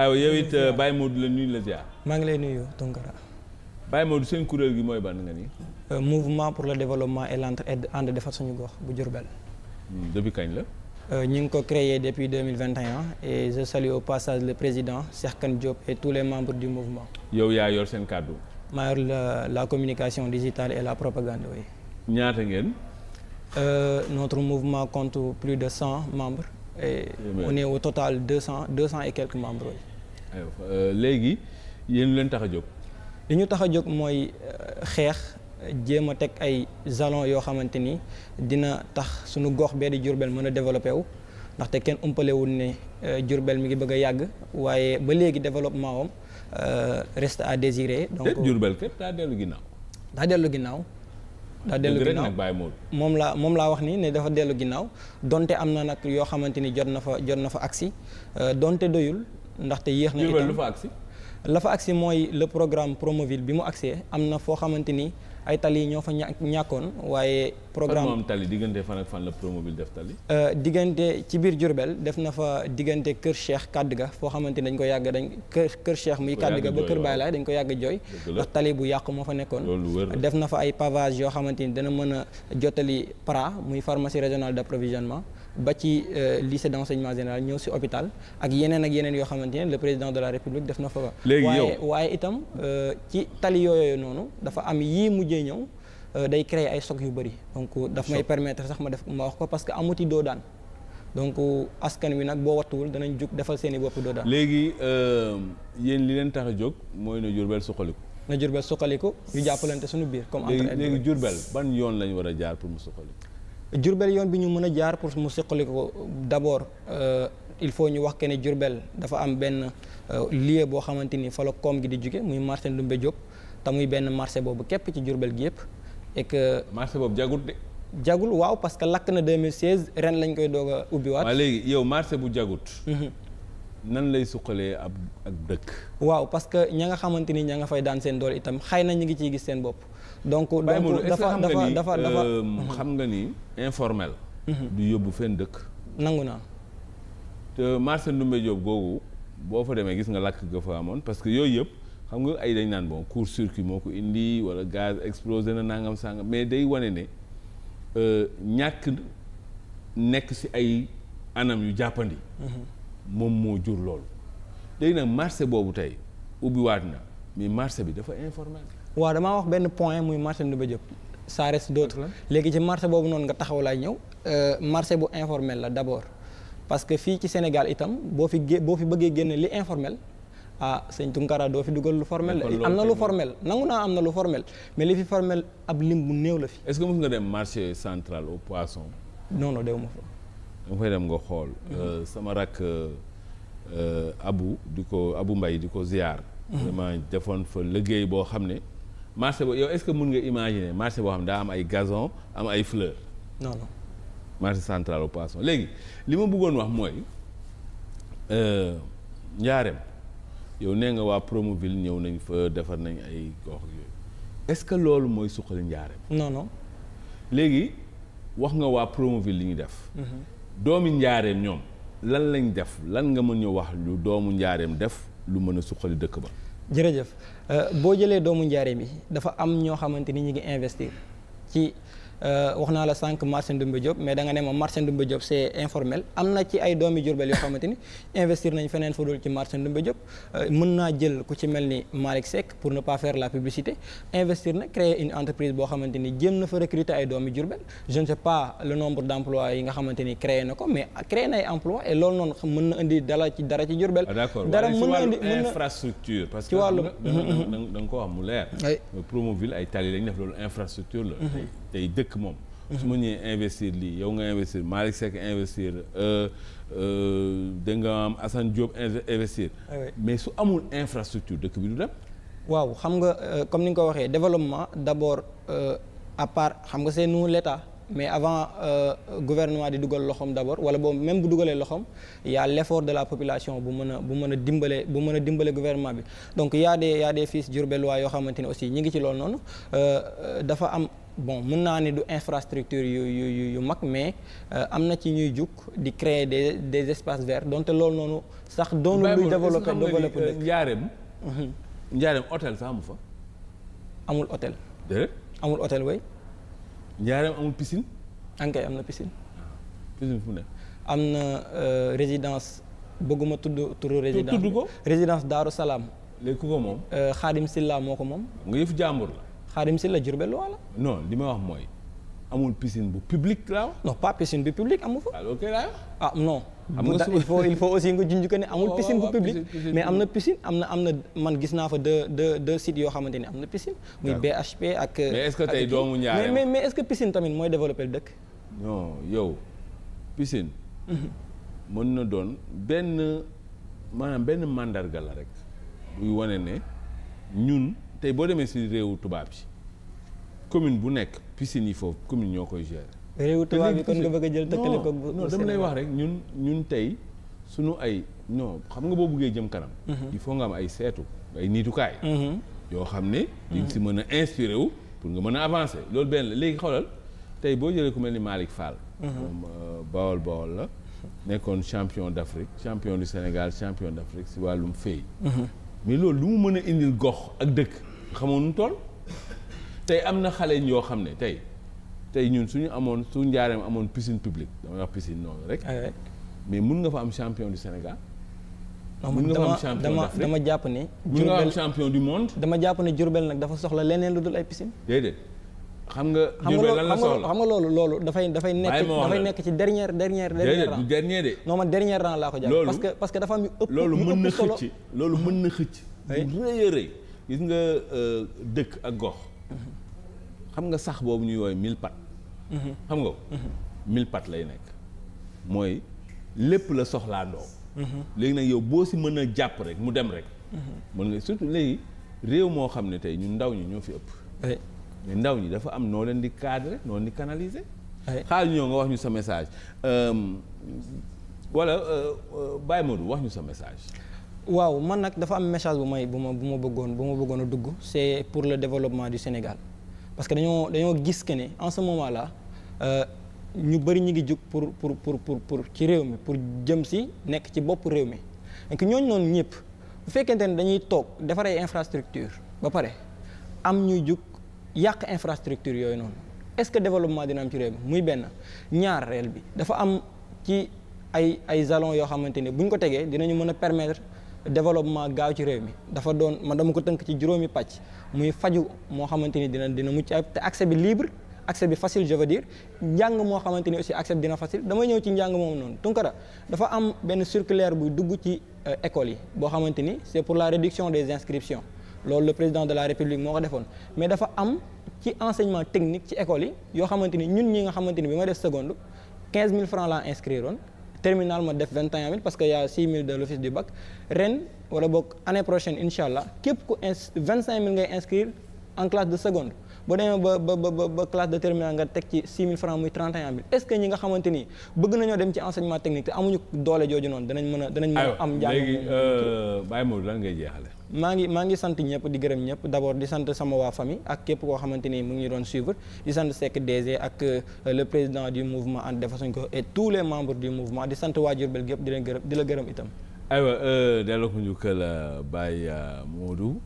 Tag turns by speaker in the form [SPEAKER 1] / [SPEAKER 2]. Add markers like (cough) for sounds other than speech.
[SPEAKER 1] Ah oui, it Baye Modou la nuyu la ziar.
[SPEAKER 2] maa ngi lay nuyu Tounkara.
[SPEAKER 1] c'est Modou seen kuréel le ban nga ni
[SPEAKER 2] euh, mouvement pour le développement et l'entraide ànd de suñu gox bu hmm, depuis quand la. Euh, ñu ko créé depuis 2021 et je salue au passage le président Serkan Diop et tous les membres du mouvement.
[SPEAKER 1] yow ya yor sen cadeau.
[SPEAKER 2] maa yor la la communication digitale et la propagande oui.
[SPEAKER 1] ñaata ngeen.
[SPEAKER 2] Euh, notre mouvement compte plus de 100 membres. et on est au total 200 200 et quelques membres. léegi yéen leen tax a jóg. li ñu tax a jóg mooy euh, xeex jéem a teg ay jalons yoo xamante ni dina tax suñu gox bee di Jurbel mën a développé wu. ndaxte kenn umpalewul ne Jurbel euh, mi ngi bëgg a yàgg waaye ba léegi développement am euh, reste à désirer. donc déet Jurbel
[SPEAKER 1] képp daa dellu ginnaaw.
[SPEAKER 2] daa dellu ginnaaw. daa dellu ginnaaw moom laa moom laa wax nii ne dafa dellu ginnaaw donte am na nag yoo xamante ni jot na fa jot na fa agsi donte doyul. ndaxte yéex na itam la fa agsi mooy le programme Promoville bi mu agsee am na foo xamante ni ay tali ñoo fa ñàkkoon waaye. programme fan
[SPEAKER 1] tali diggante fan ak fan la Promoville def euh,
[SPEAKER 2] diggante ci biir Diourbel def na fa diggante Kër Cheikh ga foo xamante ni dañ ko yàgg dañ Kër Kër Cheikh muy Kadduga ba Kër Baylaay dañ ko yàgg jooy. ndax tali bu yàq moo fa nekkoon. def na fa ay pavage yoo xamante ni dana mën a jottali PRA muy pharmacie régionale d' approvisionnement. ba ci euh, lycée d'enseignement général ñëw si hôpital ak yeneen ak yeneen yoo xamante ne le président de la république def na fa ba waaye waaye itam euh, ci tali yooyu noonu dafa am yii mujjee ñëw euh, day créer ay choc yu bëri donc daf may permettre sax ma def ma wax ko parce que amuti doo daan donc askan wi nag boo wattuwul danañ jug defal seeni i doo daan léegi
[SPEAKER 1] yéen li leen tax a jóg mooy na Jurbel suqaliku
[SPEAKER 2] na Jurbel suqaliku ñu jàppalante suñu biir comme entre léegi Jurbel
[SPEAKER 1] ban yoon lañ war a jaar pour mu suqaliku
[SPEAKER 2] Jurbel yoon bi ñu mën a jaar pour mu suqali ko d'abord euh, il faut ñu wax que ne Jurbel dafa am benn euh, lieu boo xamante ni fa koom gi di jóge muy marché Ndumbe Diop te muy benn marché boobu képp ci Jurbel gi yëpp et que. marché boobu jagul de. jagul waaw parce que lakk na 2016 ren lañ koy doog a ubbiwaat. waaw
[SPEAKER 1] léegi yow marché bu jagut. Mhm. nan lay suqalee ab ak dëkk.
[SPEAKER 2] waaw parce que ña nga xamante ni ña nga fay daan seen doole itam xay na ñu ngi ciy gis seen bopp. donc donc dafa dafa dafa euh, dafa
[SPEAKER 1] xam nga ni informel. Mhm. du yóbbu fenn dëkk. nangu naa. te marché Ndoumbé Diop googu boo fa demee gis nga lakk ga fa amoon parce que yooyu yëpp xam nga ay dañ naan boo court circuit moo ko indi wala gaz explosé na nangam sangam mais day wane ne euh, ñàkk nekk ci ay anam yu jàppandi. Mhm. moom moo jur loolu léegi nag marché boobu tey ubbiwaat na mais marché bi dafa informel.
[SPEAKER 2] waa damaa wax benn point muy marché Ndoumbé Diop. sa reste d'autres léegi ci marché boobu noonu nga taxaw laay ñëw. Euh, marché bu informel la d'abord parce que fii ci Sénégal itam boo fi gé boo fi bëggee génne li informel. ah sëñ Tunkara doo fi dugal lu formel la am na lu formel nangu naa am na lu formel mais li fi formel ab lim bu néew la fi. est-ce nga dem marché central au poisson.
[SPEAKER 1] nga fay dem nga xool. Mhm. Euh, sama rakk euh, Abu di ko Abu mbay di ko ziar. Mhm. vraiment defoon fa liggéey boo xam ne. marché boobu yow est-ce que mën nga imaginer marché boo xam ne am ay gazon am ay fleurs. non non. marché central au poisson léegi li ma buggoon wax mooy euh, njaareem yow nee nga waa Promoville ñëw nañ fa defar nañ ay gox ce que loolu mooy suqali njaareem. non léegi wax nga waa Promoville li ñu def. Mhm. doomi njaareem ñoom lan lañ def lan nga mën ñu wax lu doomu njaareem def lu mën a suqali dëkk ba.
[SPEAKER 2] jërëjëf euh, boo jëlee doomu njaareem yi dafa am ñoo xamante ni ñu ngi investir ci Euh, wax naa la sànq marché Ndoumbé Diop mais da nga ne ma marché Ndoumbé Diop c' est informel am na ci ay doomi Jurbel yoo xamante ni investir nañ feneen fu dul ci marché Ndoumbé Diop euh, mën naa jël ku ci mel ni Malick Seck pour ne pas faire la publicité investir na créer une entreprise boo xamante ni jëm na fa recruter ay doomi Jurbel je ne sais pas le nombre d' emplois yi nga xamante ni créé na ko mais créé na ay emploi et loolu noonu mën na indi dala ci dara ci Jurbel ah, dara mën na indi parce que da
[SPEAKER 1] nga (laughs) ko wax mu leer Promoville ay tali lañ tey dëkk moom su ma ñëwee investir lii yow nga investir Malick Seck investir euh, euh, da nga am Assane Diop investir ah mais su amul infrastructure dëkk bi du dem
[SPEAKER 2] waaw xam nga euh, comme ni nga ko waxee développement d'abord à part xam nga c'est nous l'État mais avant euh, gouvernement de Dougal loxoom d'abord wala même bu il y a l'effort de la population pour mën gouvernement donc y a des y a des fils de aussi ñi ngi ci euh, bon infrastructure mais il euh, ci créer des espaces verts Donc sax développé euh, mhm. hôtel a amul piscine. ankay a une piscine. Ah, piscine fu mu ne. am na euh, résidence bëgguma tudd turu. résidence tudd ko résidence Daaru Salaam. léegi ku ko moom. Euh, Xaadim Silla fait ko moom. nga yëf jàmbur la. Xaadim Silla Jurbel wala. non li ma wax a une piscine bu publique là? non pas piscine publique amu ah ok là? ah non. xam nga il faut il faut aussi nga junj que ne amul piscine bu public mais am na piscine am na am na man gis naa fa deux deux deux sites yoo xamante ni am na piscine muy BHP ak mais est-ce que tey doomu ñaare mais mais est-ce que piscine tamit mooy développer dëkk
[SPEAKER 1] non yow piscine mhm. mën na doon benn maanaam benn mandarga la rek buy wane ne ñun tey boo demee si réewu tubaab yi commune bu nekk piscine yi foofu commune ñoo koy gérer
[SPEAKER 2] réewu tubaab bi kon nga bëgg jël tëkkale ko non dama lay wax rek
[SPEAKER 1] ñun ñun tay suñu ay non xam nga bo buggee jëm kanam mhm. il faut nga am ay seetu ay niitukaay kay mhm. yo xamné di nga si mhm. mën inspiré wu pour nga mëna avancer lool benn la léegi xoolal tey boo jëlee ku melni Malik Fall mom euh, bawol bawol la nekkoon champion d'Afrique champion du Sénégal champion d'Afrique ci walum fay mais loolu lu mu mën indil gox ak dëkk xamoon nu toll tey am na xale yoo xam tey ñun suñu amoon su njaareem amoon piscine publique damay wax piscine noonu rek. mais
[SPEAKER 2] mun nga fa am champion du Sénégal.
[SPEAKER 1] mun nga fa am champion d'Afrique dama
[SPEAKER 2] jàpp ne. mun nga am champion du monde. dama jàpp ne Diourbel nag dafa soxla leneen lu dul ay piscine.
[SPEAKER 1] déedéet xam nga.
[SPEAKER 2] Diourbel lan la soxla xam nga loolu loolu dafay dafay nekk dafay nekk ci dernière dernière. dernière rang
[SPEAKER 1] dernier de. non
[SPEAKER 2] man dernière rang laa ko jàpp. parce que parce que dafa am yu ëpp loolu mën na
[SPEAKER 1] loolu mën na xëcc. bu rëy a rëy gis nga euh, dëkk ak gox. Mhm. xam nga sax boobu ñuy woowee mille pat mhm. xam nga mhm. mille pat lay nekk mooy lépp la soxlaandoo mhm. léegi nag yow boo si mën jàpp rek mu dem rek mën nga surtout léegi réew moo xam ne tey ñun ndaw ñi ñoo fi ëpp ndaw ñi dafa am noo leen di cadrer noo leen di canaliser xaal ñoo nga wax ñu sa message euh, wala euh, euh, Baye Modou wax ñu sa message
[SPEAKER 2] waaw man nag dafa am message bu may ma bu ma bëggoon bu ma bëggoon a dugg c'est pour le développement du Sénégal parce que dañoo dañoo gis que ne en ce moment là euh, ñu bëri ñu ngi jug pour pour pour pour pour ci réew mi pour jëm si nekk ci bopp réew mi donc ñooñu noonu ñëpp bu fekkente ne dañuy toog defar ay infrastructure ba pare am ñuy jug yàq infrastructure yooyu noonu est-ce que développement dina am ci réew mi muy benn ñaar ñaareel bi dafa am ci ay ay jalons yoo xamante ne bu ñu ko tegee dinañu mën a permettre développement gaaw ci réew mi dafa doon man dama ko tënk ci juróomi pàcc muy faju moo xamante ni dina dina mucc ayib te accès bi libre accès bi facile je veux dire njàng moo xamante ni aussi accès bi dina facile damay ñëw ci njàng moom noonu Tunkara dafa am benn circulaire buy dugg ci euh, école yi boo xamante ni c'est pour la réduction des inscriptions loolu le président de la république moo ko defoon mais dafa am ci enseignement technique ci école yi yoo xamante ni ñun ñi nga xamante ni bi ma def seconde 15000 francs laa inscriroon terminal ma def vingt parce que y' a six mille de l' du bac ren wala boog année prochaine incha allah képp ku ins vingt cinq mille ngay inscrire en classe de seconde. boo demee ba ba ba ba classe de terminale nga teg ci 6000 francs muy 31000 est ce que ñi nga xamante ni bëgg nañoo dem ci enseignement technique te amuñu doole jooju noonu danañ mën a danañ a am njàng léegi euh, Baye Modou ngay jeexale maa ngi maa ngi sant ñëpp di gërëm ñëpp d' abord di sant sama waa famille ak képp koo xamante ni mu ngi ñu doon suivre di sant Seck DG ak euh, le président du mouvement And Defar Suñu Gox et tous les membres du mouvement di sant waa Diourbel gépp di leen gërëm di la gërëm itam
[SPEAKER 1] aywa euh, delloo ko njukkal Baye Modou